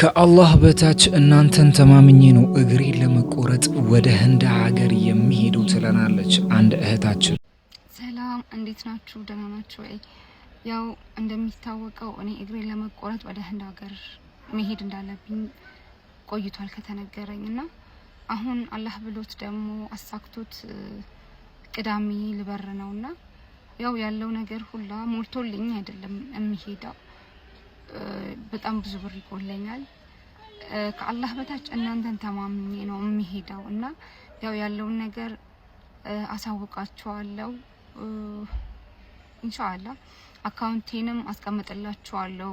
ከአላህ በታች እናንተን ተማምኜ ነው እግሬን ለመቆረጥ ወደ ህንድ ሀገር የሚሄደው ትለናለች አንድ እህታችን። ሰላም እንዴት ናችሁ? ደህና ናችሁ ወይ? ያው እንደሚታወቀው እኔ እግሬን ለመቆረጥ ወደ ህንድ ሀገር መሄድ እንዳለብኝ ቆይቷል ከተነገረኝ እና አሁን አላህ ብሎት ደግሞ አሳክቶት ቅዳሜ ልበር ነው እና ያው ያለው ነገር ሁላ ሞልቶልኝ አይደለም የሚሄደው በጣም ብዙ ብር ይቆለኛል። ከአላህ በታች እናንተን ተማምኜ ነው የሚሄደው እና ያው ያለውን ነገር አሳውቃችኋለሁ። ኢንሻአላህ አካውንቴንም አስቀምጥላችኋለሁ።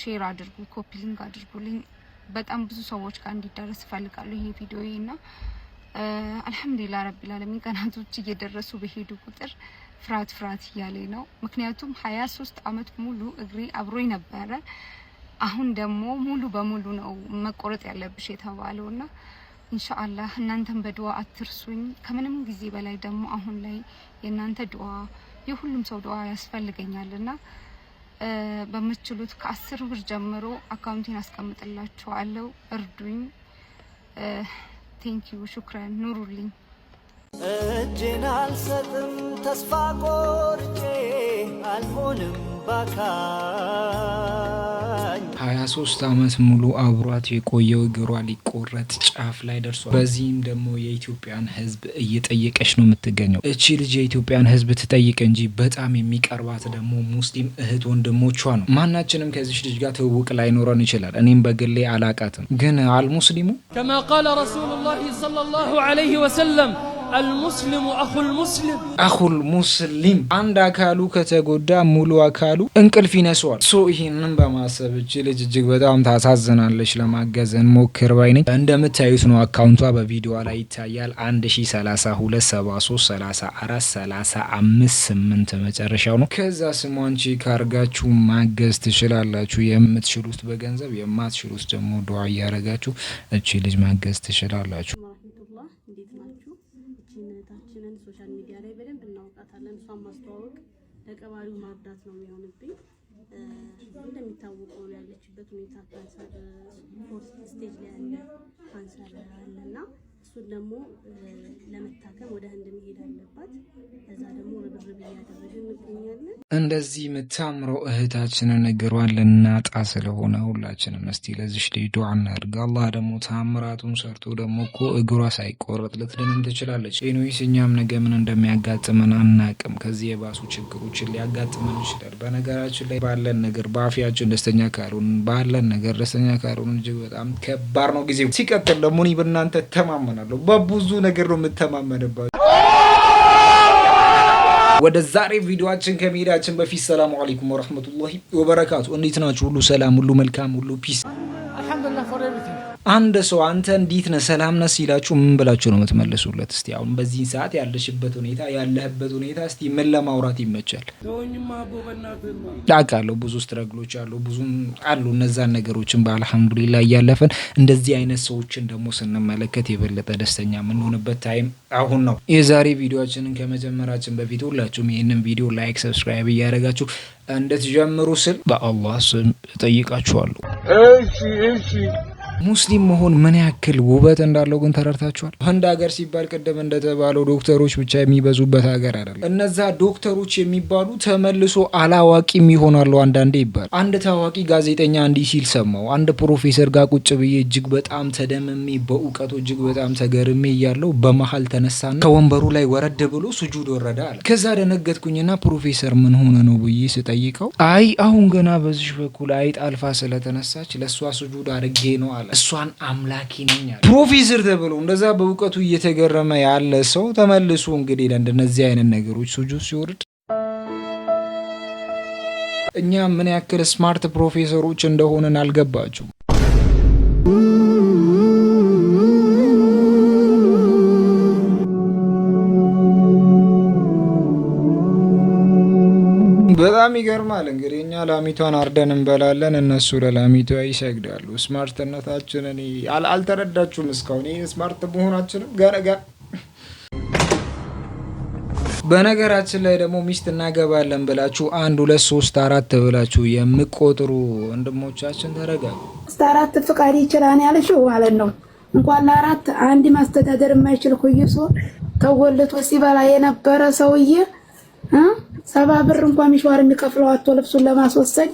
ሼር አድርጉ፣ ኮፒ ሊንክ አድርጉልኝ። በጣም ብዙ ሰዎች ጋር እንዲደረስ እፈልጋለሁ ይሄ ቪዲዮ እና አልሐምዱሊላህ ረቢል ቀናቶች እየደረሱ በሄዱ ቁጥር ፍርሃት ፍርሃት እያለ ነው። ምክንያቱም ሀያ ሶስት አመት ሙሉ እግሬ አብሮኝ ነበረ። አሁን ደግሞ ሙሉ በሙሉ ነው መቆረጥ ያለብሽ የተባለው እና ኢንሻአላህ እናንተን በድዋ አትርሱኝ። ከምንም ጊዜ በላይ ደግሞ አሁን ላይ የእናንተ ድዋ የሁሉም ሰው ድዋ ያስፈልገኛል እና በምትችሉት ከአስር ብር ጀምሮ አካውንቴን አስቀምጥላችኋለሁ። እርዱኝ። ቴንኪዩ፣ ሹክራን ኑሩልኝ። እጄን አልሰጥም ተስፋ ቆርጬ አልሆንም ባካኝ። ሙሉ አብሯት የቆየው እግሯ ሊቆረጥ ጫፍ ላይ ደርሷል። በዚህም ደግሞ የኢትዮጵያን ሕዝብ እየጠየቀች ነው የምትገኘው። እቺ ልጅ የኢትዮጵያን ሕዝብ ትጠይቅ እንጂ በጣም የሚቀርባት ደግሞ ሙስሊም እህት ወንድሞቿ ነው። ማናችንም ከዚች ልጅ ጋር ትውውቅ ላይኖረን ይችላል። እኔም በግሌ አላቃትም፣ ግን አልሙስሊሙ ከማ ቃለ ረሱሉላሂ ሰለላሁ ዐለይሂ ወሰለም አልሙስሊሙ አሁል ሙስሊም ሙስሊም አንድ አካሉ ከተጎዳ ሙሉ አካሉ እንቅልፍ ይነሰዋል። ሶ ይህንን በማሰብ እች ልጅ እጅግ በጣም ታሳዝናለች። ለማገዝ እንሞክር ባይ ነኝ። እንደምታዩት ነው አካውንቷ በቪዲዮ ላይ ይታያል። 103273434358 መጨረሻው ነው። ከዛ ስሟን ቼክ ማገዝ ትችላላችሁ። የምትችሉት በገንዘብ የማትችሉት ደግሞ ድዋ እያደረጋችሁ እች ልጅ ማገዝ ትችላላችሁ። ለቀባሪው ማርዳት ነው የሚሆንብኝ። እንደሚታወቀው ያለችበት ሁኔታ ካንሰር ፎርስ ስቴጅ ላይ ያለ ካንሰር አለ እሱን ደግሞ ለመታከም ወደ ህንድ መሄድ አለባት። ከዛ ደግሞ ርብርብ እያደረግን እንገኛለን። እንደዚህ ምታምሮ እህታችን እግሯን ልናጣ ስለሆነ ሁላችንም እስቲ ለዚሽ ልጅ ዱዓ እናድርግ። አላህ ደግሞ ታምራቱን ሰርቶ ደግሞ እኮ እግሯ ሳይቆረጥ ልትድንም ትችላለች። ኤኒዌይስ እኛም ነገ ምን እንደሚያጋጥመን አናቅም። ከዚህ የባሱ ችግሮችን ሊያጋጥመን ይችላል። በነገራችን ላይ ባለን ነገር በአፊያችን ደስተኛ ካልሆንን ባለን ነገር ደስተኛ ካልሆንን እጅግ በጣም ከባድ ነው ጊዜ ሲቀጥል ደግሞ እኔ በእናንተ ተማምናል እተማመናለሁ። በብዙ ነገር ነው የምተማመንባቸው። ወደ ዛሬ ቪዲዮችን ከመሄዳችን በፊት ሰላሙ አለይኩም ወረህመቱላሂ ወበረካቱ። እንዴት ናችሁ? ሁሉ ሰላም፣ ሁሉ መልካም፣ ሁሉ ፒስ አንድ ሰው አንተ እንዴት ነህ ሰላም ነህ ሲላችሁ ምን ብላችሁ ነው የምትመልሱለት? እስቲ አሁን በዚህ ሰዓት ያለሽበት ሁኔታ ያለህበት ሁኔታ እስቲ ምን ለማውራት ይመቻል? አውቃለሁ ብዙ ስትረግሎች አሉ፣ ብዙም አሉ። እነዛን ነገሮችን በአልሐምዱሊላ እያለፈን እንደዚህ አይነት ሰዎችን ደግሞ ስንመለከት የበለጠ ደስተኛ የምንሆንበት ታይም አሁን ነው። የዛሬ ቪዲዮችንን ከመጀመራችን በፊት ሁላችሁም ይህንን ቪዲዮ ላይክ፣ ሰብስክራይብ እያደረጋችሁ እንድትጀምሩ ስል በአላህ ስም እጠይቃችኋለሁ። እሺ እሺ ሙስሊም መሆን ምን ያክል ውበት እንዳለው ግን ተረድታችኋል? ህንድ ሀገር ሲባል ቅድም እንደተባለው ዶክተሮች ብቻ የሚበዙበት ሀገር አይደለም። እነዛ ዶክተሮች የሚባሉ ተመልሶ አላዋቂም ይሆናሉ አንዳንዴ ይባላል። አንድ ታዋቂ ጋዜጠኛ እንዲህ ሲል ሰማው። አንድ ፕሮፌሰር ጋር ቁጭ ብዬ እጅግ በጣም ተደምሜ በእውቀቱ እጅግ በጣም ተገርሜ እያለው በመሀል ተነሳና ከወንበሩ ላይ ወረድ ብሎ ስጁድ ወረደ አለ። ከዛ ደነገጥኩኝና ፕሮፌሰር ምን ሆነ ነው ብዬ ስጠይቀው አይ አሁን ገና በዚሽ በኩል አይጥ አልፋ ስለተነሳች ለእሷ ስጁድ አድርጌ ነው አለ። እሷን አምላኪ ነኝ አለ። ፕሮፌሰር ተብሎ እንደዛ በእውቀቱ እየተገረመ ያለ ሰው ተመልሶ እንግዲህ ለእንደነዚህ አይነት ነገሮች ሱጁድ ሲወርድ እኛ ምን ያክል ስማርት ፕሮፌሰሮች እንደሆንን አልገባችሁም። በጣም ይገርማል እንግዲህ ላሚቷን አርደን እንበላለን፣ እነሱ ለላሚቷ ይሰግዳሉ። ስማርትነታችንን አልተረዳችሁም እስካሁን። ይህ ስማርት መሆናችንም ገነጋ በነገራችን ላይ ደግሞ ሚስት እናገባለን ብላችሁ አንድ ሁለት ሶስት አራት ብላችሁ የምቆጥሩ ወንድሞቻችን ተረጋሉ። ሶስት አራት ፍቃድ ይችላል ያልሽው ማለት ነው። እንኳን ለአራት አንድ ማስተዳደር የማይችል ኩይሶ ተወልቶ ሲበላ የነበረ ሰውዬ ሰባ ብር እንኳን ሚሸዋር የሚከፍለው አቶ ልብሱን ለማስወሰድ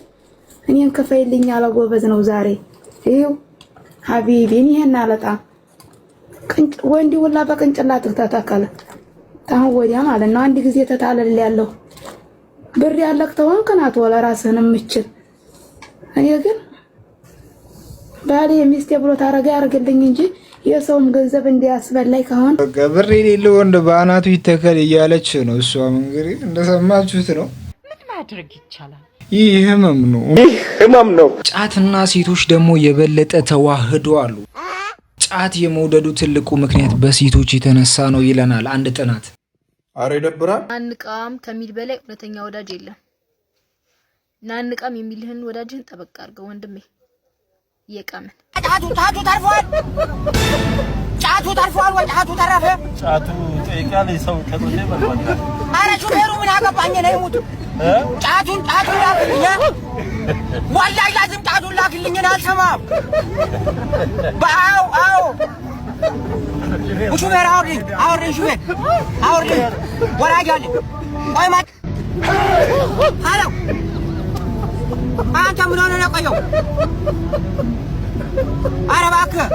እኔን ክፈይልኝ ያለ ጎበዝ ነው። ዛሬ ይኸው ሀቢቢ ይሄን አለጣ ወንድ ሁላ በቅንጭላት ተተከለ። አሁን ወዲያ ማለት ነው አንድ ጊዜ ተታለል ያለው ብር ያለክ ተሆንክ ናት ወለ ራስህን የምችል እኔ ግን ባሌ ሚስቴ ብሎ ታረጋ ያርግልኝ እንጂ የሰውም ገንዘብ እንዲያስበላይ ከሆን ብር የሌለው ወንድ በአናቱ ይተከል እያለች ነው። እሷም እንግዲህ እንደሰማችሁት ነው። ምን ማድረግ ይቻላል? ይህ ህመም ነው፣ ይህ ህመም ነው። ጫትና ሴቶች ደግሞ የበለጠ ተዋህዶ አሉ። ጫት የመውደዱ ትልቁ ምክንያት በሴቶች የተነሳ ነው ይለናል አንድ ጥናት። አረ ይደብራል። ናንቃም ከሚል በላይ እውነተኛ ወዳጅ የለም። ናንቃም የሚልህን ወዳጅህን ጠበቅ አድርገው ወንድሜ። የቀመን ጫቱ ታቱ ተርፏል። ጫቱ ተርፏል ወይ ጫቱ ተረፈ። ጫቱ ጠይቃል። ሰው ከቶቴ በልቷል። ኧረ ሹፌሩ ምን አገባኝ ነው ይሙት ጫቱን ጫቱን ላክልኝ፣ ወላሂ ላዚም ጫቱን ላክልኝ። አልሰማም። በአው አው ሹፌር አውርድኝ፣ አውርድኝ፣ ሹፌር አውርድኝ። ወራጅ አለ ቆይ ማ አለው አንተ ምን ሆነህ ነው ቆየው? ኧረ እባክህ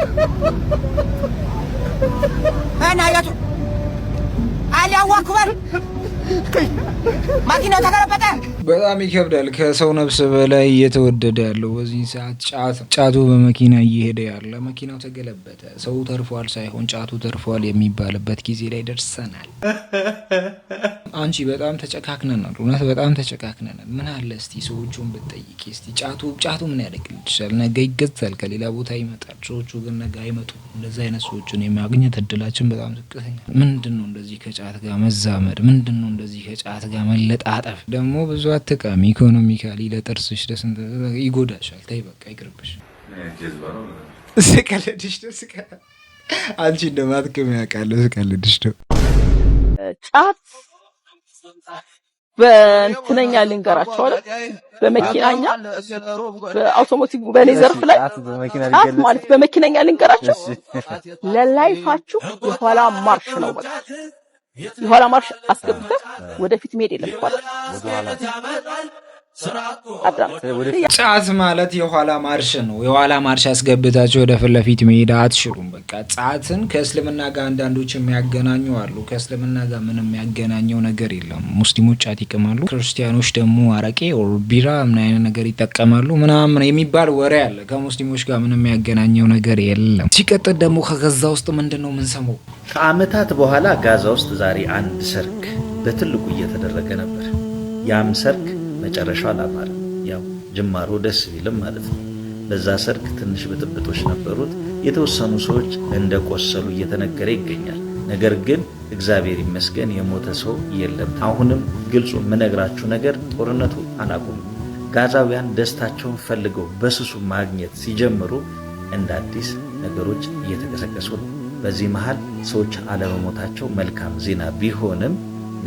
እና የቱ አሊ አዋኩበር ተገለበጠ። በጣም ይከብዳል። ከሰው ነፍስ በላይ እየተወደደ ያለው በዚህ ሰዓት ጫት ጫቱ በመኪና እየሄደ ያለ መኪናው ተገለበጠ፣ ሰው ተርፏል ሳይሆን ጫቱ ተርፏል የሚባልበት ጊዜ ላይ ደርሰናል። አንቺ በጣም ተጨካክነናል፣ እውነት በጣም ተጨካክነናል። ምን አለ እስቲ ሰዎቹን ብትጠይቂ እስቲ ጫቱ ጫቱ ምን ያደርግልሻል? ነገ ይገዛል፣ ከሌላ ቦታ ይመጣል። ሰዎቹ ግን ነገ አይመጡ። እንደዚህ አይነት ሰዎችን የማግኘት እድላችን በጣም ዝቅተኛል። ምንድን ነው እንደዚህ ከጫት ጋር መዛመድ? ምንድን ነው እንደዚህ ከጫት ጋር መለጣጠፍ ደግሞ ብዙ አትቃሚ። ኢኮኖሚካሊ ለጥርስሽ ለስንት ይጎዳሻል። ተይ በቃ ይቅርብሽ። ስቀልድሽ ነው አንቺ እንደማትቅም ያውቃለ። ስቀልድሽ ነው። ጫት በእንትነኛ ልንገራቸው አለ በመኪናኛ በአውቶሞቲቭ በእኔ ዘርፍ ላይ ጫት ማለት በመኪናኛ ልንገራቸው ለላይፋችሁ የኋላ ማርሽ ነው በቃ የኋላ ማርሽ አስገብተህ ወደፊት መሄድ የለም ኳስ ጫት ማለት የኋላ ማርሽ ነው። የኋላ ማርሽ አስገብታችሁ ወደ ፊት ለፊት መሄድ አትችሉም። በቃ ጫትን ከእስልምና ጋር አንዳንዶች የሚያገናኙ አሉ። ከእስልምና ጋር ምንም የሚያገናኘው ነገር የለም። ሙስሊሞች ጫት ይቅማሉ፣ ክርስቲያኖች ደግሞ አረቄ ኦር ቢራ ምን አይነት ነገር ይጠቀማሉ ምናምን የሚባል ወሬ አለ። ከሙስሊሞች ጋር ምንም የሚያገናኘው ነገር የለም። ሲቀጥል ደግሞ ከጋዛ ውስጥ ምንድን ነው የምንሰማው? ከአመታት በኋላ ጋዛ ውስጥ ዛሬ አንድ ሰርግ በትልቁ እየተደረገ ነበር። ያም ሰርግ መጨረሻው አላማረም። ያው ጅማሮ ደስ ቢልም ማለት ነው። በዛ ሰርግ ትንሽ ብጥብጦች ነበሩት። የተወሰኑ ሰዎች እንደቆሰሉ እየተነገረ ይገኛል። ነገር ግን እግዚአብሔር ይመስገን የሞተ ሰው የለም። አሁንም ግልጹ የምነግራችሁ ነገር ጦርነቱ አላቁም። ጋዛውያን ደስታቸውን ፈልገው በስሱ ማግኘት ሲጀምሩ እንደ አዲስ ነገሮች እየተቀሰቀሱ ነው። በዚህ መሃል ሰዎች አለመሞታቸው መልካም ዜና ቢሆንም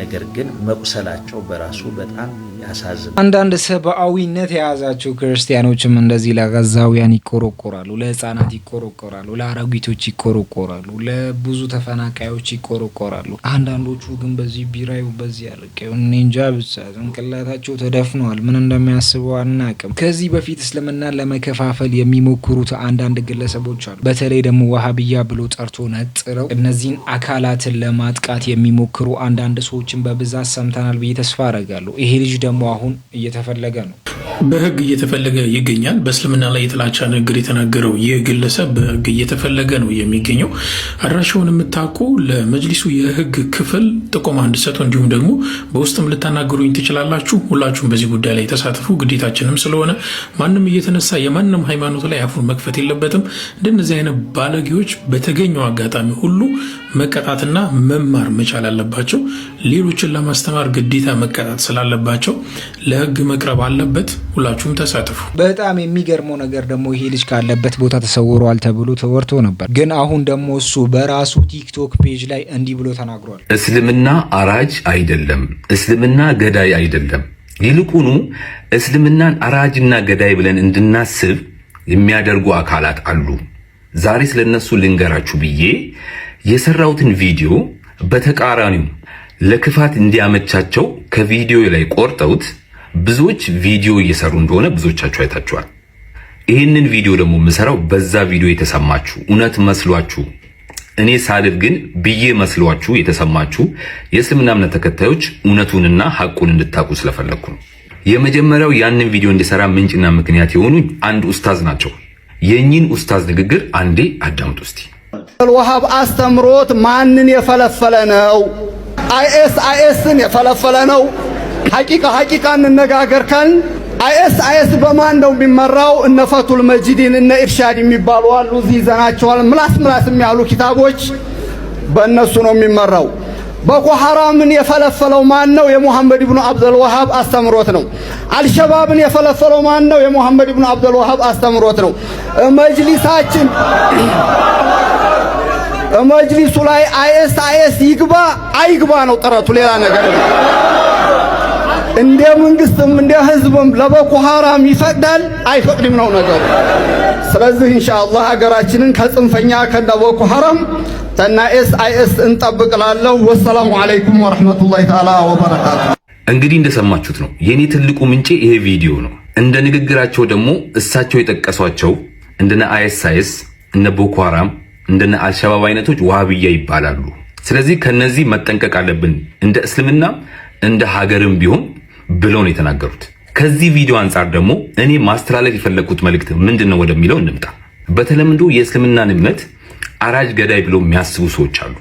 ነገር ግን መቁሰላቸው በራሱ በጣም ያሳዝን። አንዳንድ ሰብአዊነት የያዛቸው ክርስቲያኖችም እንደዚህ ለጋዛውያን ይቆረቆራሉ፣ ለህፃናት ይቆረቆራሉ፣ ለአረጊቶች ይቆረቆራሉ፣ ለብዙ ተፈናቃዮች ይቆረቆራሉ። አንዳንዶቹ ግን በዚህ ቢራዩ በዚህ ያልቀው እኔ እንጃ ብቻ ጭንቅላታቸው ተደፍነዋል። ምን እንደሚያስበው አናቅም። ከዚህ በፊት እስልምና ለመከፋፈል የሚሞክሩት አንዳንድ ግለሰቦች አሉ። በተለይ ደግሞ ዋሃብያ ብሎ ጠርቶ ነጥረው እነዚህን አካላትን ለማጥቃት የሚሞክሩ አንዳንድ ሰዎችን በብዛት ሰምተናል ብዬ ተስፋ አረጋለሁ። ይሄ ልጅ ደግሞ ደግሞ አሁን እየተፈለገ ነው፣ በህግ እየተፈለገ ይገኛል። በእስልምና ላይ የጥላቻ ንግግር የተናገረው ይህ ግለሰብ በህግ እየተፈለገ ነው የሚገኘው። አድራሻውን የምታውቁ ለመጅሊሱ የህግ ክፍል ጥቆማ እንድሰጡ እንዲሁም ደግሞ በውስጥም ልታናገሩኝ ትችላላችሁ። ሁላችሁም በዚህ ጉዳይ ላይ ተሳትፉ፣ ግዴታችንም ስለሆነ ማንም እየተነሳ የማንም ሃይማኖት ላይ አፉን መክፈት የለበትም። እንደነዚህ አይነት ባለጌዎች በተገኘው አጋጣሚ ሁሉ መቀጣትና መማር መቻል አለባቸው። ሌሎችን ለማስተማር ግዴታ መቀጣት ስላለባቸው ለህግ መቅረብ አለበት። ሁላችሁም ተሳትፉ። በጣም የሚገርመው ነገር ደግሞ ይሄ ልጅ ካለበት ቦታ ተሰውሯል ተብሎ ተወርቶ ነበር፣ ግን አሁን ደግሞ እሱ በራሱ ቲክቶክ ፔጅ ላይ እንዲህ ብሎ ተናግሯል። እስልምና አራጅ አይደለም፣ እስልምና ገዳይ አይደለም። ይልቁኑ እስልምናን አራጅና ገዳይ ብለን እንድናስብ የሚያደርጉ አካላት አሉ። ዛሬ ስለነሱ ልንገራችሁ ብዬ የሰራሁትን ቪዲዮ በተቃራኒው ለክፋት እንዲያመቻቸው ከቪዲዮ ላይ ቆርጠውት ብዙዎች ቪዲዮ እየሰሩ እንደሆነ ብዙዎቻችሁ አይታችኋል። ይህንን ቪዲዮ ደግሞ የምሰራው በዛ ቪዲዮ የተሰማችሁ እውነት መስሏችሁ እኔ ሳልፍ ግን ብዬ መስሏችሁ የተሰማችሁ የእስልምና እምነት ተከታዮች እውነቱንና ሐቁን እንድታቁ ስለፈለግኩ ነው። የመጀመሪያው ያንን ቪዲዮ እንዲሰራ ምንጭና ምክንያት የሆኑ አንድ ኡስታዝ ናቸው። የእኚህን ኡስታዝ ንግግር አንዴ አዳምጡ እስቲ። አልዋሃብ አስተምሮት ማንን የፈለፈለ ነው? አይኤስ አይኤስን የፈለፈለ ነው። ሐቂቃ ሐቂቃ እንነጋገር ካልን አይኤስ አይኤስ በማን ነው የሚመራው? እነ ፈቱል መጂዲን እነ ኢርሻድ የሚባሉ አሉ። እዚህ ይዘናቸዋል። ምላስ ምላስ የሚያሉ ኪታቦች በእነሱ ነው የሚመራው። ቦኮ ሐራምን የፈለፈለው ማን ነው? የሙሐመድ ኢብኑ አብዱል ወሃብ አስተምሮት ነው። አልሸባብን የፈለፈለው ማን ነው? የሙሐመድ ኢብኑ አብዱል ወሃብ አስተምሮት ነው። መጅሊሳችን መጅሊሱ ላይ አይኤስ አይኤስ ይግባ አይግባ ነው ጥረቱ። ሌላ ነገር እንደ መንግስትም እንደ ህዝብም ለቦኮ ሐራም ይፈቅዳል አይፈቅድም ነው ነገሩ። ስለዚህ ኢንሻአላህ ሀገራችንን ከጽንፈኛ ከነ ሐራም ተና ኤስ አይኤስ እንጠብቅላለሁ። ወሰላሙ አለይኩም ወራህመቱላሂ ተዓላ ወበረካቱ። እንግዲህ እንደሰማችሁት ነው የኔ ትልቁ ምንጭ ይሄ ቪዲዮ ነው። እንደ ንግግራቸው ደግሞ እሳቸው የጠቀሷቸው እንደነ አይኤስ አይኤስ እነ ቦኮ ሐራም እንደነ አልሸባብ አይነቶች ዋህብያ ይባላሉ። ስለዚህ ከነዚህ መጠንቀቅ አለብን እንደ እስልምናም እንደ ሀገርም ቢሆን ብለው ነው የተናገሩት። ከዚህ ቪዲዮ አንጻር ደግሞ እኔ ማስተላለፍ የፈለግኩት መልእክት ምንድን ነው ወደሚለው እንምጣ። በተለምዶ የእስልምናን እምነት አራጅ ገዳይ ብሎ የሚያስቡ ሰዎች አሉ።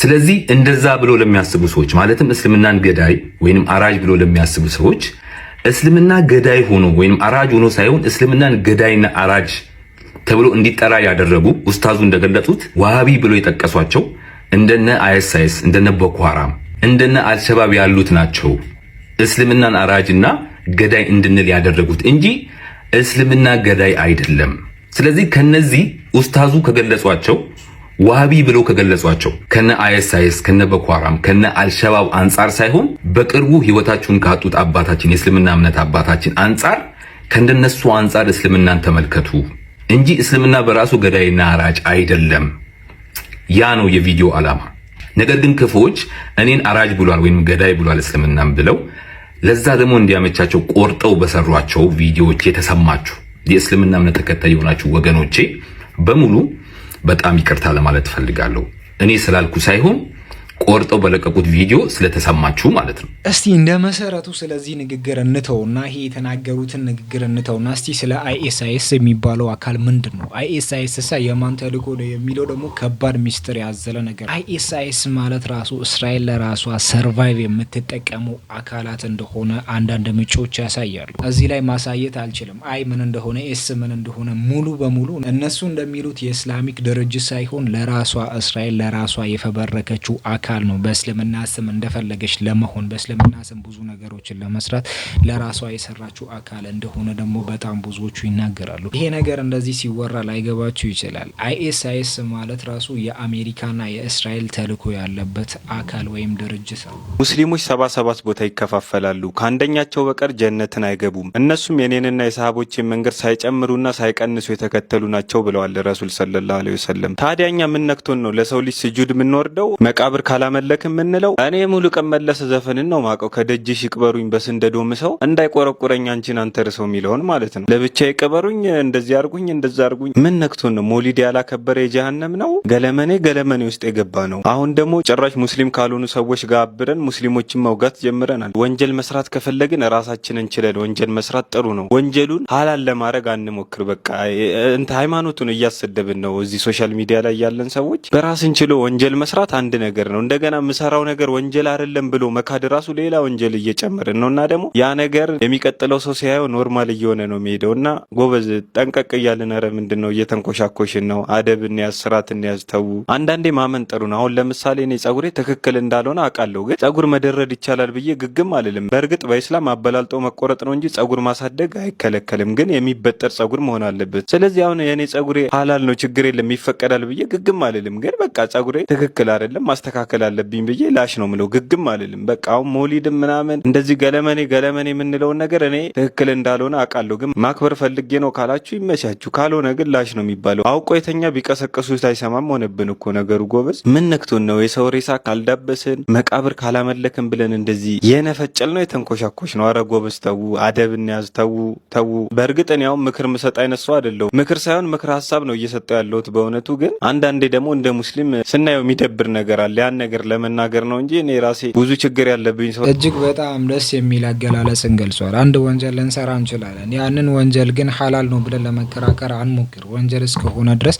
ስለዚህ እንደዛ ብሎ ለሚያስቡ ሰዎች ማለትም እስልምናን ገዳይ ወይም አራጅ ብሎ ለሚያስቡ ሰዎች እስልምና ገዳይ ሆኖ ወይም አራጅ ሆኖ ሳይሆን እስልምናን ገዳይና አራጅ ተብሎ እንዲጠራ ያደረጉ ኡስታዙ እንደገለጹት ዋሃቢ ብሎ የጠቀሷቸው እንደነ አይኤስአይኤስ እንደነ ቦኮ እንደነ አልሸባብ ያሉት ናቸው እስልምናን አራጅና ገዳይ እንድንል ያደረጉት እንጂ እስልምና ገዳይ አይደለም። ስለዚህ ከነዚህ ኡስታዙ ከገለጿቸው ዋሃቢ ብለው ከገለጿቸው ከነ አይኤስአይኤስ ከነ ቦኮ ከነ አልሸባብ አንጻር ሳይሆን በቅርቡ ህይወታችሁን ካጡት አባታችን የእስልምና እምነት አባታችን አንጻር ከእንደነሱ አንጻር እስልምናን ተመልከቱ። እንጂ እስልምና በራሱ ገዳይና አራጭ አይደለም። ያ ነው የቪዲዮ ዓላማ። ነገር ግን ክፎች እኔን አራጅ ብሏል ወይም ገዳይ ብሏል እስልምናም ብለው ለዛ ደግሞ እንዲያመቻቸው ቆርጠው በሰሯቸው ቪዲዮዎች የተሰማችሁ የእስልምና እምነት ተከታይ የሆናችሁ ወገኖቼ በሙሉ በጣም ይቅርታ ለማለት እፈልጋለሁ። እኔ ስላልኩ ሳይሆን ቆርጠው በለቀቁት ቪዲዮ ስለተሰማችሁ ማለት ነው። እስቲ እንደ መሰረቱ ስለዚህ ንግግር እንተውና ይሄ የተናገሩትን ንግግር እንተውና እስቲ ስለ አይኤስአይኤስ የሚባለው አካል ምንድን ነው? አይኤስአይኤስ የማን ተልእኮ ነው የሚለው ደግሞ ከባድ ሚስጥር ያዘለ ነገር። አይኤስአይኤስ ማለት ራሱ እስራኤል ለራሷ ሰርቫይቭ የምትጠቀመው አካላት እንደሆነ አንዳንድ ምንጮች ያሳያሉ። እዚህ ላይ ማሳየት አልችልም፣ አይ ምን እንደሆነ ኤስ ምን እንደሆነ ሙሉ በሙሉ እነሱ እንደሚሉት የእስላሚክ ድርጅት ሳይሆን ለራሷ እስራኤል ለራሷ የፈበረከችው አካል አካል ነው። በእስልምና ስም እንደፈለገች ለመሆን በእስልምና ስም ብዙ ነገሮችን ለመስራት ለራሷ የሰራችው አካል እንደሆነ ደግሞ በጣም ብዙዎቹ ይናገራሉ። ይሄ ነገር እንደዚህ ሲወራ ላይገባችሁ ይችላል። አይኤስ ማለት ራሱ የአሜሪካና የእስራኤል ተልኮ ያለበት አካል ወይም ድርጅት ነው። ሙስሊሞች ሰባ ሰባት ቦታ ይከፋፈላሉ። ከአንደኛቸው በቀር ጀነትን አይገቡም። እነሱም የኔንና የሰሃቦችን መንገድ ሳይጨምሩና ሳይቀንሱ የተከተሉ ናቸው ብለዋል ረሱል ሰለላሁ ዐለይሂ ወሰለም። ታዲያኛ ምን ነክቶን ነው ለሰው ልጅ ስጁድ የምንወርደው መቃብር አላመለክም የምንለው እኔ ሙሉቀን መለሰ ዘፈንን ነው ማቀው ከደጅሽ ይቅበሩኝ በስንደዶም ሰው እንዳይቆረቁረኝ አንቺን አንተርሰው የሚለውን ማለት ነው። ለብቻ ይቅበሩኝ፣ እንደዚህ አርጉኝ፣ እንደዚ አርጉኝ። ምን ነክቶን ነው? ሞሊድ ያላከበረ የጀሃነም ነው። ገለመኔ ገለመኔ ውስጥ የገባ ነው። አሁን ደግሞ ጭራሽ ሙስሊም ካልሆኑ ሰዎች ጋር አብረን ሙስሊሞችን መውጋት ጀምረናል። ወንጀል መስራት ከፈለግን ራሳችንን ችለን ወንጀል መስራት ጥሩ ነው። ወንጀሉን ሀላል ለማድረግ አንሞክር። በቃ እንተ ሃይማኖቱን እያሰደብን ነው እዚህ ሶሻል ሚዲያ ላይ ያለን ሰዎች። በራስ እንችሎ ወንጀል መስራት አንድ ነገር ነው። እንደገና የምሰራው ነገር ወንጀል አይደለም ብሎ መካድ ራሱ ሌላ ወንጀል እየጨመርን ነው እና ደግሞ ያ ነገር የሚቀጥለው ሰው ሲያየው ኖርማል እየሆነ ነው የሚሄደው እና ጎበዝ ጠንቀቅ እያልን ኧረ ምንድን ነው እየተንኮሻኮሽን ነው አደብ እንያዝ ስርዓት እንያዝ ተዉ አንዳንዴ ማመን ጥሩ ነው አሁን ለምሳሌ እኔ ጸጉሬ ትክክል እንዳልሆነ አውቃለሁ ግን ጸጉር መደረድ ይቻላል ብዬ ግግም አልልም በእርግጥ በኢስላም አበላልጦ መቆረጥ ነው እንጂ ጸጉር ማሳደግ አይከለከልም ግን የሚበጠር ጸጉር መሆን አለበት ስለዚህ አሁን የእኔ ጸጉሬ ሀላል ነው ችግር የለም ይፈቀዳል ብዬ ግግም አልልም ግን በቃ ጸጉሬ ትክክል አይደለም ማስተካከል ማስተካከል አለብኝ ብዬ ላሽ ነው ምለው፣ ግግም አልልም። በቃ አሁን ሞሊድም ምናምን እንደዚህ ገለመኔ ገለመኔ የምንለውን ነገር እኔ ትክክል እንዳልሆነ አውቃለሁ፣ ግን ማክበር ፈልጌ ነው ካላችሁ ይመቻችሁ፣ ካልሆነ ግን ላሽ ነው የሚባለው። አውቆ የተኛ ቢቀሰቀሱ አይሰማም ሆነብን እኮ ነገሩ ጎበዝ። ምን ነክቶን ነው የሰው ሬሳ ካልዳበስን መቃብር ካላመለክን ብለን እንደዚህ የነፈጨል ነው የተንኮሻኮሽ ነው። አረ ጎበዝ ተዉ፣ አደብ እንያዝ። ተዉ ተዉ። በእርግጥን እኔ ምክር ምሰጥ አይነት ሰው አይደለሁም። ምክር ሳይሆን ምክር ሀሳብ ነው እየሰጠው ያለሁት በእውነቱ። ግን አንዳንዴ ደግሞ እንደ ሙስሊም ስናየው የሚደብር ነገር አለ ያን ነገር ለመናገር ነው እንጂ እኔ ራሴ ብዙ ችግር ያለብኝ ሰው። እጅግ በጣም ደስ የሚል አገላለጽን ገልጿል። አንድ ወንጀል ልንሰራ እንችላለን። ያንን ወንጀል ግን ሀላል ነው ብለን ለመከራከር አንሞክር። ወንጀል እስከሆነ ድረስ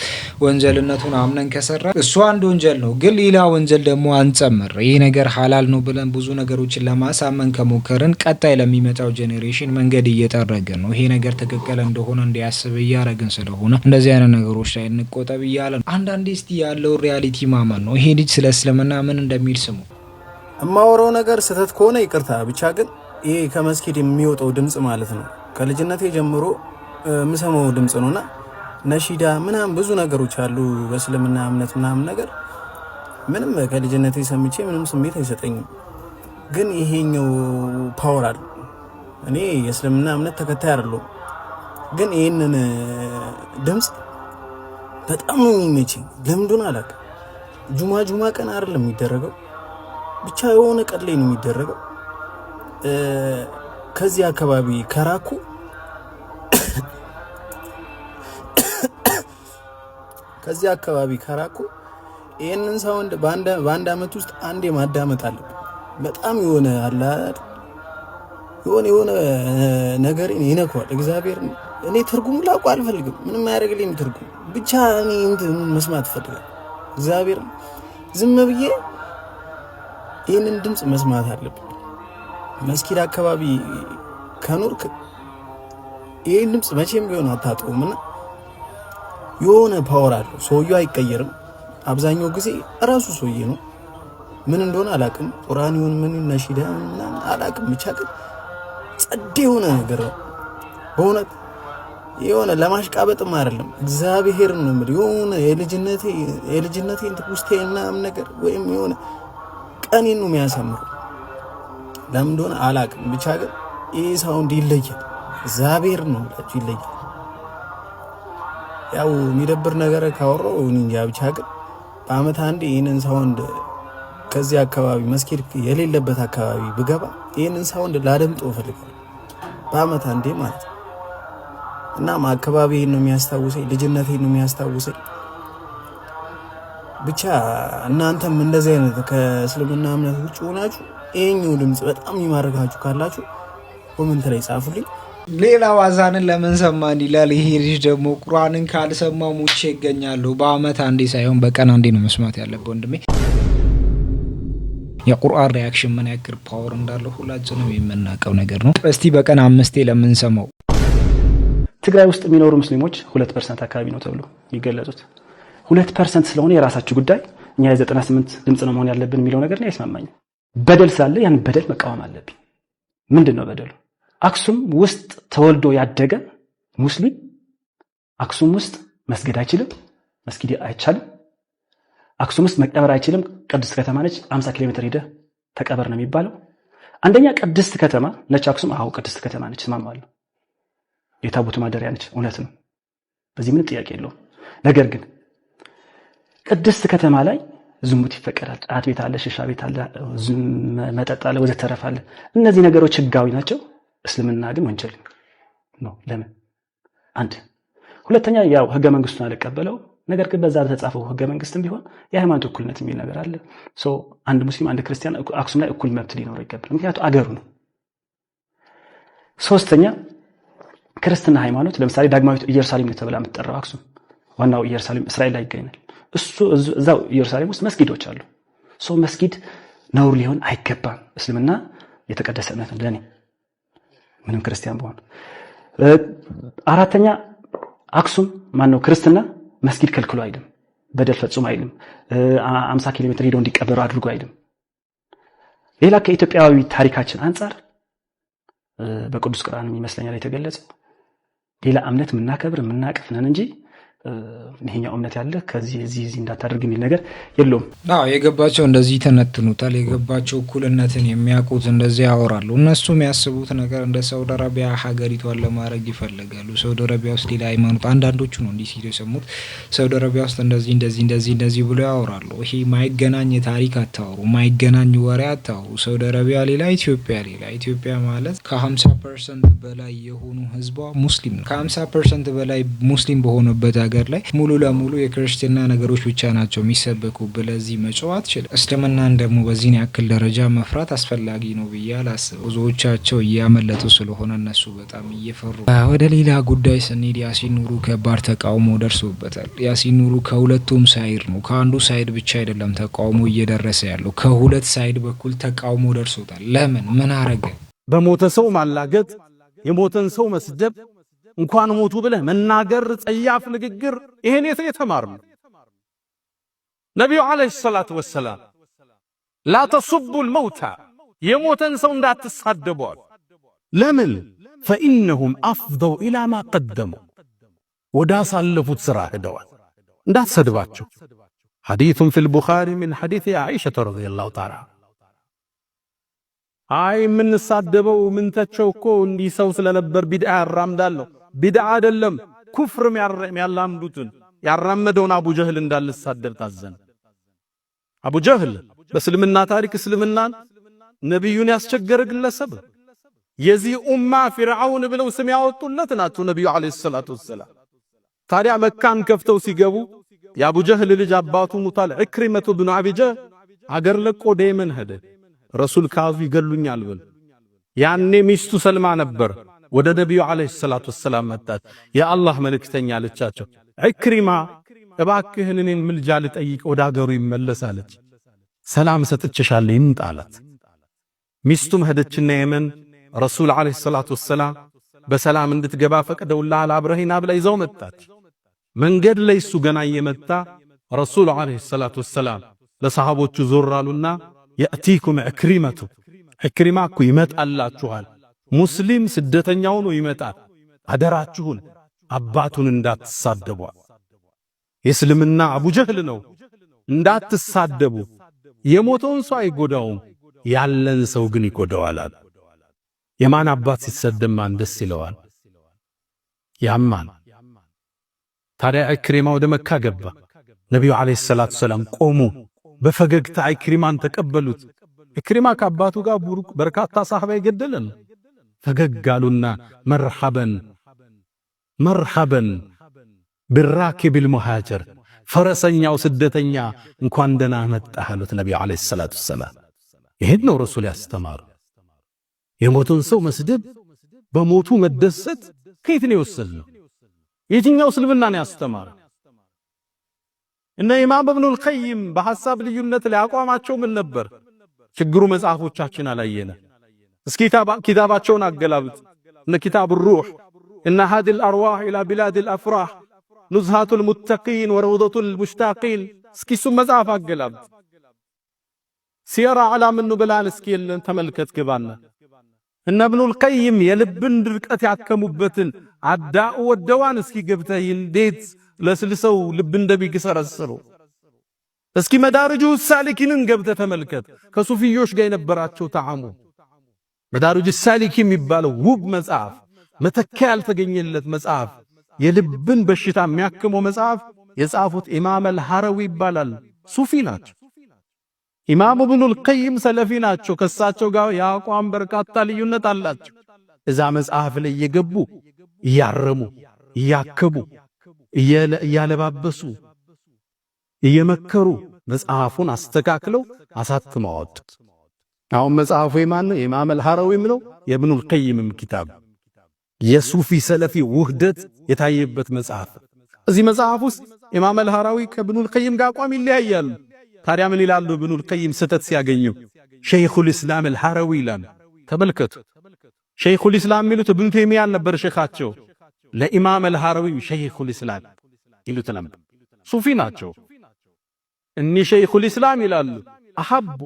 ወንጀልነቱን አምነን ከሰራ እሱ አንድ ወንጀል ነው። ግን ሌላ ወንጀል ደግሞ አንጨምር። ይህ ነገር ሀላል ነው ብለን ብዙ ነገሮችን ለማሳመን ከሞከርን ቀጣይ ለሚመጣው ጄኔሬሽን መንገድ እየጠረግን ነው። ይሄ ነገር ትክክል እንደሆነ እንዲያስብ እያረግን ስለሆነ እንደዚህ አይነት ነገሮች ላይ እንቆጠብ እያለ ነው። አንዳንዴ እስቲ ያለው ሪያሊቲ ማመን ነው። ይሄ ልጅ ስለ እስልምና እና ምን እንደሚል ስሙ። እማወራው ነገር ስህተት ከሆነ ይቅርታ ብቻ። ግን ይሄ ከመስኪድ የሚወጣው ድምፅ ማለት ነው ከልጅነቴ ጀምሮ የምሰማው ድምፅ ነውና ነሺዳ ምናምን ብዙ ነገሮች አሉ በእስልምና እምነት ምናምን ነገር ምንም ከልጅነቴ ሰምቼ ምንም ስሜት አይሰጠኝም። ግን ይሄኛው ፓወር አለ። እኔ የእስልምና እምነት ተከታይ አይደለሁም፣ ግን ይህንን ድምፅ በጣም ነው የሚመቸኝ። ልምዱን አላውቅም ጁማ ጁማ ቀን አይደለም የሚደረገው፣ ብቻ የሆነ ቀን ላይ ነው የሚደረገው። ከዚህ አካባቢ ከራኩ ከዚህ አካባቢ ከራኩ ይህንን ሳውንድ በአንድ አመት ውስጥ አንዴ ማዳመጥ አለብን። በጣም የሆነ አላ የሆነ የሆነ ነገር ይነኳል እግዚአብሔር እኔ ትርጉሙ ላውቀው አልፈልግም። ምንም አያደርግልኝ ትርጉም ብቻ እኔ እንትን መስማት እፈልጋለሁ እግዚአብሔር ዝም ብዬ ይህንን ድምፅ መስማት አለብን። መስጊድ አካባቢ ከኖርክ ይህን ድምፅ መቼም ቢሆን አታጥቁም እና የሆነ ፓወር አለው። ሰውየው አይቀየርም። አብዛኛው ጊዜ እራሱ ሰውዬ ነው። ምን እንደሆነ አላቅም። ቁርአን ይሁን ምን ነሽዳ ምናምን አላቅም። ብቻ ግን ጸድ የሆነ ነገር ነው በእውነት የሆነ ለማሽቃበጥም አይደለም፣ እግዚአብሔር ነው የምልህ። የሆነ የልጅነቴ የልጅነቴ ውስጤ ምናምን ነገር ወይም የሆነ ቀኔን ነው የሚያሰምሩ። ለምን እንደሆነ አላውቅም፣ ብቻ ግን ይህ ሳውንድ ይለያል። እግዚአብሔር ነው ብላችሁ ይለያል። ያው የሚደብር ነገር ካወራሁ እንጃ፣ ብቻ ግን በአመት አንዴ ይህንን ሳውንድ ከዚህ አካባቢ መስጊድ የሌለበት አካባቢ ብገባ ይህንን ሳውንድ ላደምጦ እፈልጋለሁ። በአመት አንዴ ማለት ነው። እናም አካባቢዬን ነው የሚያስታውሰኝ፣ ልጅነቴን ነው የሚያስታውሰኝ። ብቻ እናንተም እንደዚህ አይነት ከእስልምና እምነት ውጭ ሆናችሁ ይሄኛው ድምፅ በጣም የሚማርካችሁ ካላችሁ ኮመንት ላይ ጻፉልኝ። ሌላው አዛንን ለምን ሰማን ይላል። ይሄ ልጅ ደግሞ ቁርአንን ካልሰማው ሙቼ ይገኛለሁ። በአመት አንዴ ሳይሆን በቀን አንዴ ነው መስማት ያለበት ወንድሜ። የቁርአን ሪያክሽን ምን ያክል ፓወር እንዳለው ሁላችንም የምናውቀው ነገር ነው። እስቲ በቀን አምስቴ ለምን ሰማው ትግራይ ውስጥ የሚኖሩ ሙስሊሞች ሁለት ፐርሰንት አካባቢ ነው ተብሎ የሚገለጹት ሁለት ፐርሰንት ስለሆነ የራሳችሁ ጉዳይ እኛ የዘጠና ስምንት ድምፅ ነው መሆን ያለብን የሚለው ነገር አይስማማኝም። በደል ስላለ ያን በደል መቃወም አለብኝ። ምንድን ነው በደሉ? አክሱም ውስጥ ተወልዶ ያደገ ሙስሊም አክሱም ውስጥ መስገድ አይችልም፣ መስጊድ አይቻልም፣ አክሱም ውስጥ መቀበር አይችልም። ቅድስት ከተማ ነች፣ 50 ኪሎ ሜትር ሄደህ ተቀበር ነው የሚባለው። አንደኛ ቅድስት ከተማ ነች አክሱም። አዎ ቅድስት ከተማ ነች፣ እስማማለሁ። የታቦት ማደሪያ ነች። እውነት ነው። በዚህ ምንም ጥያቄ የለውም። ነገር ግን ቅድስት ከተማ ላይ ዝሙት ይፈቀዳል። ጫት ቤት አለ፣ ሽሻ ቤት አለ፣ መጠጥ አለ፣ ወዘተረፈ አለ። እነዚህ ነገሮች ህጋዊ ናቸው። እስልምና ግን ወንጀል ነው። ለምን? አንድ ሁለተኛ፣ ያው ህገ መንግስቱን አልቀበለው። ነገር ግን በዛ በተጻፈው ህገ መንግስትም ቢሆን የሃይማኖት እኩልነት የሚል ነገር አለ። አንድ ሙስሊም አንድ ክርስቲያን አክሱም ላይ እኩል መብት ሊኖረው ይገባል። ምክንያቱ አገሩ ነው። ሶስተኛ ክርስትና ሃይማኖት ለምሳሌ ዳግማዊት ኢየሩሳሌም ተብላ የምትጠራው አክሱም ዋናው ኢየሩሳሌም እስራኤል ላይ ይገኛል። እሱ እዛው ኢየሩሳሌም ውስጥ መስጊዶች አሉ። ሶ መስጊድ ነውር ሊሆን አይገባም። እስልምና የተቀደሰ እምነት ለኔ ምንም ክርስቲያን በሆን አራተኛ አክሱም ማን ነው ክርስትና መስጊድ ከልክሎ አይልም፣ በደል ፈጽሞ አይልም፣ አምሳ ኪሎ ሜትር ሄደው እንዲቀበሩ አድርጎ አይልም። ሌላ ከኢትዮጵያዊ ታሪካችን አንጻር በቅዱስ ቁርአንም ይመስለኛል የተገለጸው ሌላ እምነት የምናከብር የምናቀፍነን እንጂ ይሄኛው እምነት ያለ ከዚህ እዚህ እዚህ እንዳታደርግ የሚል ነገር የለውም። የገባቸው እንደዚህ ተነትኑታል። የገባቸው እኩልነትን የሚያውቁት እንደዚህ ያወራሉ። እነሱ የሚያስቡት ነገር እንደ ሳውዲ አረቢያ ሀገሪቷን ለማድረግ ይፈልጋሉ። ሳውዲ አረቢያ ውስጥ ሌላ ሃይማኖት አንዳንዶቹ ነው እንዲህ ሲሉ የሰሙት። ሳውዲ አረቢያ ውስጥ እንደዚህ እንደዚህ እንደዚህ እንደዚህ ብሎ ያወራሉ። ይሄ ማይገናኝ ታሪክ አታወሩ፣ ማይገናኝ ወሬ አታወሩ። ሳውዲ አረቢያ ሌላ፣ ኢትዮጵያ ሌላ። ኢትዮጵያ ማለት ከ50 ፐርሰንት በላይ የሆኑ ህዝቧ ሙስሊም ነው። ከ50 ፐርሰንት በላይ ሙስሊም በሆነበት ሀገር ላይ ሙሉ ለሙሉ የክርስትና ነገሮች ብቻ ናቸው የሚሰበኩ ብለዚህ መጮህ አትችልም። እስልምናን ደግሞ በዚህን ያክል ደረጃ መፍራት አስፈላጊ ነው ብዬ አላስብ። ብዙዎቻቸው እያመለጡ ስለሆነ እነሱ በጣም እየፈሩ። ወደ ሌላ ጉዳይ ስንሄድ ያሲን ኑሩ ከባድ ተቃውሞ ደርሶበታል። ያሲን ኑሩ ከሁለቱም ሳይድ ነው ከአንዱ ሳይድ ብቻ አይደለም ተቃውሞ እየደረሰ ያለው ከሁለት ሳይድ በኩል ተቃውሞ ደርሶታል። ለምን ምን አረገ? በሞተ ሰው ማላገጥ፣ የሞተን ሰው መስደብ እንኳን ሞቱ ብለህ መናገር ጸያፍ ንግግር። ይሄን የት የተማርነው? ነቢዩ ዓለይሂ ሰላቱ ወሰላም ላ መውታ የሞተን ሰው እንዳትሳደቧል። ለምን? ፈኢነሁም አፍደው ኢላ ማ ቀደሙ ወደ ሥራ ሄደዋል። እንዳትሰድባቸው። ሐዲቱን ፊል ቡኻሪ ምን ሐዲት ዓኢሸተ ረዲየላሁ ተዓላ አይ የምንሳደበው ምንተቸው እኮ እንዲህ ሰው ስለነበር ቢድዓ ያራምዳለሁ ቢድዓ አይደለም ኩፍርም ያላምዱትን ያራመደውን አቡ ጀህል እንዳልሳደብ ታዘን። አቡ ጀህል በእስልምና ታሪክ እስልምናን ነቢዩን ያስቸገረ ግለሰብ የዚህ ኡማ ፊርዓውን ብለው ስም ያወጡለት ናቸው ነቢዩ አለይሂ ሰላቱ ወሰላም። ታዲያ መካን ከፍተው ሲገቡ የአቡ ጀህል ልጅ አባቱ ሙታል ዕክሪመቱ ብኑ አቢ ጀህል አገር ለቆ ደየመን ሄደ። ረሱል ካዙ ይገሉኛል ብሎ ያኔ ሚስቱ ሰልማ ነበር ወደ ነቢዩ ዓለይሂ ሰላቱ ወሰላም መጣች። የአላህ መልእክተኛ አለቻቸው፣ ዕክሪማ እባክህን እኔን ምልጃ ልጠይቅ ወደ አገሩ ይመለሳለች። ሰላም ሰጥችሻለሁ ይምጣ አላት። ሚስቱም ሄደችና የመን ረሱል ዓለይሂ ሰላቱ ወሰላም በሰላም እንድትገባ ፈቅደውልሃል አብረሂና ብላ ይዘው መጣች። መንገድ ላይ እሱ ገና እየመጣ ረሱሉ ዓለይሂ ሰላቱ ወሰላም ለሰሃቦቹ ዞር አሉና የእቲኩም ዕክሪመቱ ዕክሪማ እኮ ይመጣላችኋል ሙስሊም ስደተኛው ነው ይመጣል። አደራችሁን አባቱን እንዳትሳደቡ። የእስልምና አቡጀህል ነው እንዳትሳደቡ። የሞተውን ሰው አይጎዳውም፣ ያለን ሰው ግን ይጎዳዋል። የማን አባት ሲሰደብ ማን ደስ ይለዋል? ያማን። ታዲያ ኢክሪማ ወደ መካ ገባ። ነቢዩ ዓለይሂ ሰላቱ ሰላም ቆሙ። በፈገግታ አክሪማን ተቀበሉት። ኢክሪማ ከአባቱ ጋር ቡሩክ በርካታ ሳህባ የገደለ ነው። ፈገጋሉና መርሐበን መርሐበን ብራኪብል ሙሃጅር ፈረሰኛው ስደተኛ እንኳን ደህና መጣህ አሉት ነቢዩ ዓለይሂ ሰላቱ ወሰላም። ይሄን ነው ረሱል ያስተማሩ። የሞቱን ሰው መስደብ፣ በሞቱ መደሰት ከየት ነው የወሰድነው? የትኛው እስልምና ነው ያስተማረ? እነ ኢማም እብኑል ቀይም በሐሳብ ልዩነት ላይ አቋማቸው ምን ነበር? ችግሩ መጽሐፎቻችን አላየነ ኪታባቸውን አገላብጥ እነ ኪታብ ሩሕ እነ ሃዲ አልአርዋሕ ኢላ ቢላድ አልአፍራሕ ኑዝሃቱ ልሙተቂን ወረውደቱ ልሙሽታቂን እስኪ እሱም መጽሐፍ አገላብጥ። ሲየራ ዓላምኑ ብላን እስኪ የለን ተመልከት ግባና እነ እብኑል ቀይም የልብን ድርቀት ያከሙበትን አዳኡ ወደዋን እስኪ ገብተህ እንዴት ለስልሰው ልብ እንደሚግሰረስሩ እስኪ መዳርጁ ሳሊኪንን ገብተህ ተመልከት። ከሱፊዮች ጋር የነበራቸው ተዓሙ መዳሩጅ ሳሊክ የሚባለው ውብ መጽሐፍ፣ መተኪያ ያልተገኘለት መጽሐፍ፣ የልብን በሽታ የሚያክመው መጽሐፍ የጻፉት ኢማም አልሐረዊ ይባላል። ሱፊ ናቸው። ኢማም ኢብኑል ቀይም ሰለፊ ናቸው። ከሳቸው ጋር የአቋም በርካታ ልዩነት አላቸው። እዛ መጽሐፍ ላይ እየገቡ እያረሙ እያከቡ እያለባበሱ እየመከሩ መጽሐፉን አስተካክለው አሳትመው አወጡት። አሁን መጽሐፉ የማን ነው? ኢማም ሐረዊም ነው። የብኑል ቀይምም ኪታብ የሱፊ ሰለፊ ውህደት የታየበት መጽሐፍ። እዚህ መጽሐፍ ውስጥ ኢማም አልሐራዊ ከብኑል ቀይም ጋር አቋም ይለያያሉ። ታዲያ ምን ይላሉ? ብኑል ቀይም ስህተት ሲያገኙ ሸይኹል ኢስላም አልሐራዊ ይላሉ። ተመልከቱ፣ ሸይኹል ኢስላም የሚሉት ኢብኑ ተይሚያን ነበር። ሸኻቸው ለኢማም ሐረዊ ሸይኹል ኢስላም ይሉት ነበር። ሱፊ ናቸው። እኒ ሸይኹል ኢስላም ይላሉ አሐቡ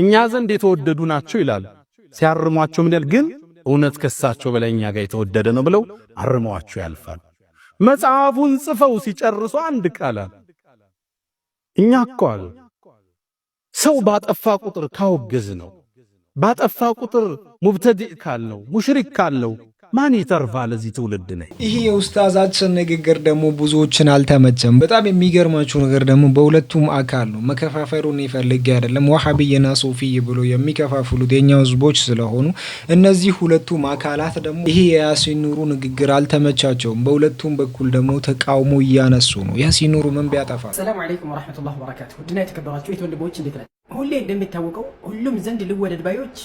እኛ ዘንድ የተወደዱ ናቸው ይላሉ። ሲያርሟቸው ምንል ግን እውነት ከሳቸው በላይ እኛ ጋር የተወደደ ነው ብለው አርመዋቸው ያልፋል። መጽሐፉን ጽፈው ሲጨርሱ አንድ ቃል እኛ እኮ አሉ ሰው ባጠፋ ቁጥር ካወገዝ ነው ባጠፋ ቁጥር ሙብተዲእ ካለው ሙሽሪክ ካለው ማን ይተርፋል? እዚህ ትውልድ ነኝ። ይህ የኡስታዛችን ንግግር ደግሞ ብዙዎችን አልተመቸም። በጣም የሚገርማችሁ ነገር ደግሞ በሁለቱም አካል ነው። መከፋፈሩን ይፈልግ አይደለም። ዋሀብይና ሶፊይ ብሎ የሚከፋፍሉት የኛ ህዝቦች ስለሆኑ እነዚህ ሁለቱም አካላት ደግሞ ይሄ የያሲን ኑሩ ንግግር አልተመቻቸውም። በሁለቱም በኩል ደግሞ ተቃውሞ እያነሱ ነው። ያሲን ኑሩ ምን ቢያጠፋ? ሰላም አለይኩም ወረህመቱላሂ ወበረካቱህ። ውድና የተከበራችሁ ወንድሞች እንዴት ናቸው? ሁሌ እንደሚታወቀው ሁሉም ዘንድ ልወደድ ባዮች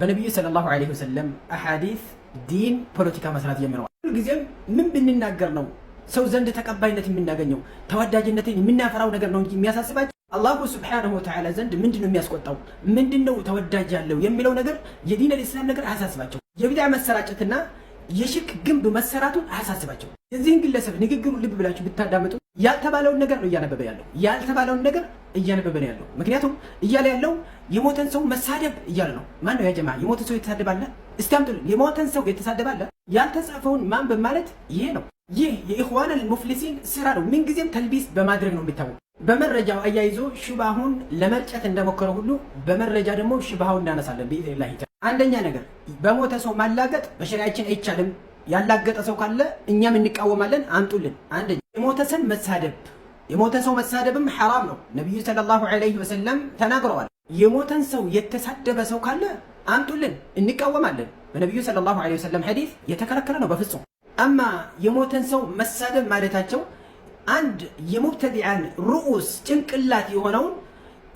በነቢዩ ሰለላሁ አለይሂ ወሰለም አሐዲስ ዲን ፖለቲካ መስራት ጀምረዋል። ሁልጊዜም ምን ብንናገር ነው ሰው ዘንድ ተቀባይነት የምናገኘው ተወዳጅነትን የምናፈራው ነገር ነው እንጂ የሚያሳስባቸው አላሁ ስብሓነሁ ወተዓላ ዘንድ ምንድን ነው የሚያስቆጣው፣ ምንድነው ተወዳጅ ያለው የሚለው ነገር የዲን አልእስላም ነገር አያሳስባቸው። የቢድዓ መሰራጨትና የሽክ ግንብ መሰራቱን አያሳስባቸው። የዚህን ግለሰብ ንግግሩ ልብ ብላችሁ ብታዳምጡ ያልተባለውን ነገር ነው እያነበበ ያለው ያልተባለውን ነገር እያነበበ ነው ያለው። ምክንያቱም እያለ ያለው የሞተን ሰው መሳደብ እያለ ነው። ማን ነው ያጀማ የሞተን ሰው የተሳደባለ? እስቲ አምጡልን የሞተን ሰው የተሳደባለ። ያልተጻፈውን ማንበብ ማለት ይሄ ነው። ይህ የኢኽዋን ሙፍሊሲን ስራ ነው። ምንጊዜም ተልቢስ በማድረግ ነው የሚታወቅ። በመረጃው አያይዞ ሽባሁን ለመርጨት እንደሞከረ ሁሉ በመረጃ ደግሞ ሽባሁን እናነሳለን። ብኢዝኒላሂ አንደኛ ነገር በሞተ ሰው ማላገጥ በሸሪያችን አይቻልም። ያላገጠ ሰው ካለ እኛም እንቃወማለን፣ አምጡልን። አንደኛ የሞተ ሰን መሳደብ የሞተ ሰው መሳደብም ሐራም ነው። ነቢዩ ሰለላሁ ዐለይሂ ወሰለም ተናግረዋል። የሞተን ሰው የተሳደበ ሰው ካለ አምጡልን፣ እንቃወማለን። በነቢዩ ሰለላሁ ዐለይሂ ወሰለም ሐዲስ የተከለከለ ነው በፍጹም። አማ የሞተን ሰው መሳደብ ማለታቸው አንድ የሙብተዲዓን ርዑስ ጭንቅላት የሆነውን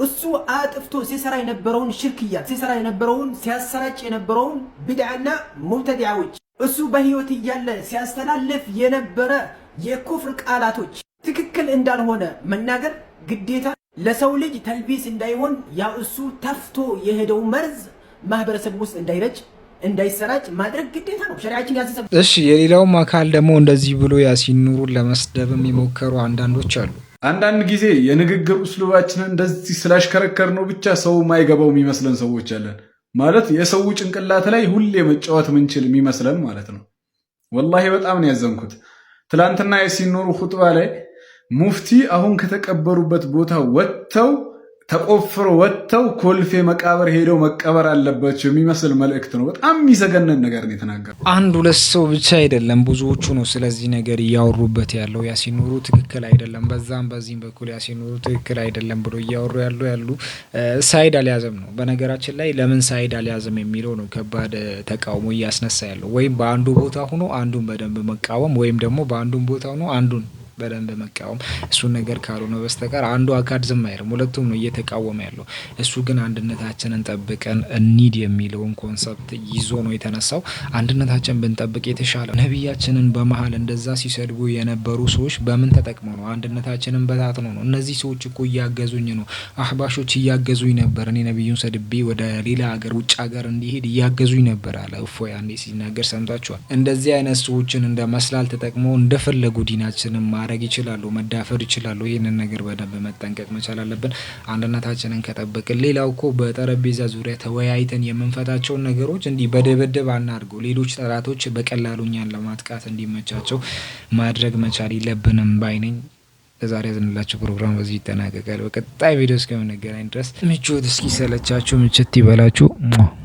እሱ አጥፍቶ ሲሰራ የነበረውን ሽርክያት ሲሰራ የነበረውን ሲያሰራጭ የነበረውን ቢድዓና ሙብተዲዓዎች እሱ በህይወት እያለ ሲያስተላልፍ የነበረ የኩፍር ቃላቶች ትክክል እንዳልሆነ መናገር ግዴታ ለሰው ልጅ ተልቢስ እንዳይሆን ያ እሱ ተፍቶ የሄደው መርዝ ማህበረሰብ ውስጥ እንዳይረጭ እንዳይሰራጭ ማድረግ ግዴታ ነው። ሸሪዓችን ያዘዘ። እሺ፣ የሌላውም አካል ደግሞ እንደዚህ ብሎ ያሲን ኑሩን ለመስደብም የሞከሩ አንዳንዶች አሉ። አንዳንድ ጊዜ የንግግር እስሉባችንን እንደዚህ ስላሽከረከር ነው ብቻ ሰው ማይገባው የሚመስለን ሰዎች አለን። ማለት የሰው ጭንቅላት ላይ ሁሌ መጫወት ምንችል የሚመስለን ማለት ነው። ወላሂ በጣም ነው ያዘንኩት። ትላንትና የሲኖሩ ሁጥባ ላይ ሙፍቲ አሁን ከተቀበሩበት ቦታ ወጥተው ተቆፍሮ ወጥተው ኮልፌ መቃብር ሄደው መቀበር አለባቸው የሚመስል መልእክት ነው። በጣም የሚዘገነን ነገር ነው የተናገረው። አንድ ሁለት ሰው ብቻ አይደለም ብዙዎቹ ነው ስለዚህ ነገር እያወሩበት ያለው። ያሲን ኑሩ ትክክል አይደለም፣ በዛም በዚህም በኩል ያሲን ኑሩ ትክክል አይደለም ብሎ እያወሩ ያሉ ያሉ ሳይድ አልያዘም ነው። በነገራችን ላይ ለምን ሳይድ አልያዘም የሚለው ነው ከባድ ተቃውሞ እያስነሳ ያለው። ወይም በአንዱ ቦታ ሆኖ አንዱን በደንብ መቃወም ወይም ደግሞ በአንዱን ቦታ ሆኖ አንዱን በደንብ መቃወም እሱን ነገር ካልሆነ በስተቀር አንዱ አካል ዝም አይልም። ሁለቱም ነው እየተቃወመ ያለው እሱ ግን አንድነታችንን ጠብቀን እኒድ የሚለውን ኮንሰፕት ይዞ ነው የተነሳው። አንድነታችን ብንጠብቅ የተሻለ ነቢያችንን በመሃል እንደዛ ሲሰድቡ የነበሩ ሰዎች በምን ተጠቅመው ነው? አንድነታችንን በታትኖ ነው። እነዚህ ሰዎች እኮ እያገዙኝ ነው፣ አህባሾች እያገዙኝ ነበር። እኔ ነቢዩን ሰድቤ ወደ ሌላ ሀገር ውጭ ሀገር እንዲሄድ እያገዙኝ ነበር አለ። እፎ አንዴ ሲናገር ሰምታችኋል። እንደዚህ አይነት ሰዎችን እንደ መስላል ተጠቅመው እንደፈለጉ ዲናችንን ማድረግ ይችላሉ፣ መዳፈር ይችላሉ። ይህንን ነገር በደንብ መጠንቀቅ መቻል አለብን። አንድነታችንን ከጠበቅን፣ ሌላው እኮ በጠረጴዛ ዙሪያ ተወያይተን የምንፈታቸውን ነገሮች እንዲህ በደበደብ አናድርገው። ሌሎች ጠላቶች በቀላሉ እኛን ለማጥቃት እንዲመቻቸው ማድረግ መቻል የለብንም ባይነኝ። ለዛሬ ያዝንላችሁ ፕሮግራም በዚህ ይጠናቀቃል። በቀጣይ ቪዲዮ እስከምንገናኝ ድረስ ምቾት እስኪሰለቻችሁ ምችት ይበላችሁ።